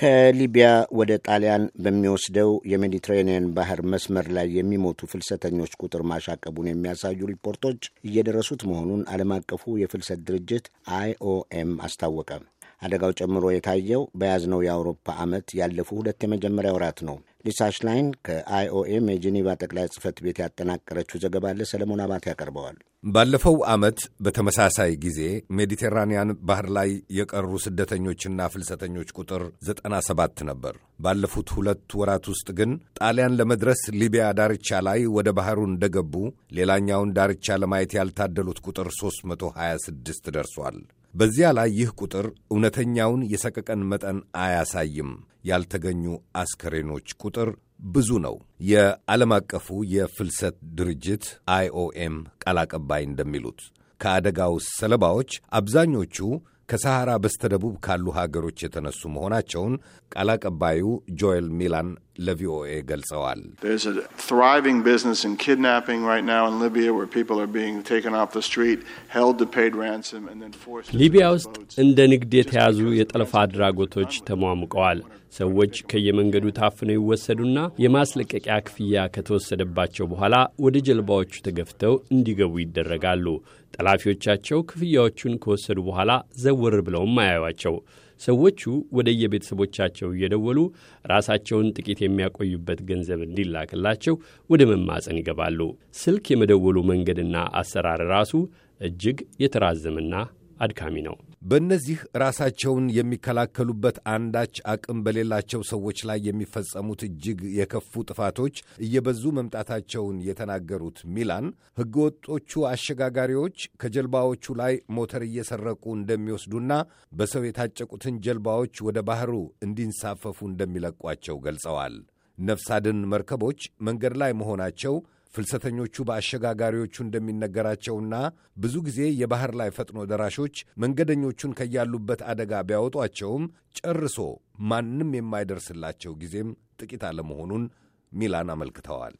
ከሊቢያ ወደ ጣሊያን በሚወስደው የሜዲትሬኒየን ባህር መስመር ላይ የሚሞቱ ፍልሰተኞች ቁጥር ማሻቀቡን የሚያሳዩ ሪፖርቶች እየደረሱት መሆኑን ዓለም አቀፉ የፍልሰት ድርጅት አይኦኤም አስታወቀ። አደጋው ጨምሮ የታየው በያዝነው የአውሮፓ ዓመት ያለፉ ሁለት የመጀመሪያ ወራት ነው። ሊሳ ሽላይን ከአይኦኤም የጄኔቫ ጠቅላይ ጽህፈት ቤት ያጠናቀረችው ዘገባ ሰለሞን አባት ያቀርበዋል። ባለፈው ዓመት በተመሳሳይ ጊዜ ሜዲቴራንያን ባህር ላይ የቀሩ ስደተኞችና ፍልሰተኞች ቁጥር 97 ነበር። ባለፉት ሁለት ወራት ውስጥ ግን ጣሊያን ለመድረስ ሊቢያ ዳርቻ ላይ ወደ ባህሩ እንደገቡ ሌላኛውን ዳርቻ ለማየት ያልታደሉት ቁጥር 326 ደርሷል። በዚያ ላይ ይህ ቁጥር እውነተኛውን የሰቀቀን መጠን አያሳይም። ያልተገኙ አስከሬኖች ቁጥር ብዙ ነው። የዓለም አቀፉ የፍልሰት ድርጅት አይኦኤም ቃል አቀባይ እንደሚሉት ከአደጋው ሰለባዎች አብዛኞቹ ከሰሐራ በስተደቡብ ካሉ ሀገሮች የተነሱ መሆናቸውን ቃል አቀባዩ ጆኤል ሚላን ለቪኦኤ ገልጸዋል። ሊቢያ ውስጥ እንደ ንግድ የተያዙ የጠለፋ አድራጎቶች ተሟሙቀዋል። ሰዎች ከየመንገዱ ታፍነው ይወሰዱና የማስለቀቂያ ክፍያ ከተወሰደባቸው በኋላ ወደ ጀልባዎቹ ተገፍተው እንዲገቡ ይደረጋሉ። ጠላፊዎቻቸው ክፍያዎቹን ከወሰዱ በኋላ ዘወር ብለውም አያዩቸው። ሰዎቹ ወደ የቤተሰቦቻቸው እየደወሉ ራሳቸውን ጥቂት የሚያቆዩበት ገንዘብ እንዲላክላቸው ወደ መማፀን ይገባሉ። ስልክ የመደወሉ መንገድና አሰራር ራሱ እጅግ የተራዘመና አድካሚ ነው። በእነዚህ ራሳቸውን የሚከላከሉበት አንዳች አቅም በሌላቸው ሰዎች ላይ የሚፈጸሙት እጅግ የከፉ ጥፋቶች እየበዙ መምጣታቸውን የተናገሩት ሚላን ሕገወጦቹ አሸጋጋሪዎች ከጀልባዎቹ ላይ ሞተር እየሰረቁ እንደሚወስዱና በሰው የታጨቁትን ጀልባዎች ወደ ባህሩ እንዲንሳፈፉ እንደሚለቋቸው ገልጸዋል። ነፍስ አድን መርከቦች መንገድ ላይ መሆናቸው ፍልሰተኞቹ በአሸጋጋሪዎቹ እንደሚነገራቸውና ብዙ ጊዜ የባህር ላይ ፈጥኖ ደራሾች መንገደኞቹን ከያሉበት አደጋ ቢያወጧቸውም ጨርሶ ማንም የማይደርስላቸው ጊዜም ጥቂት አለመሆኑን ሚላን አመልክተዋል።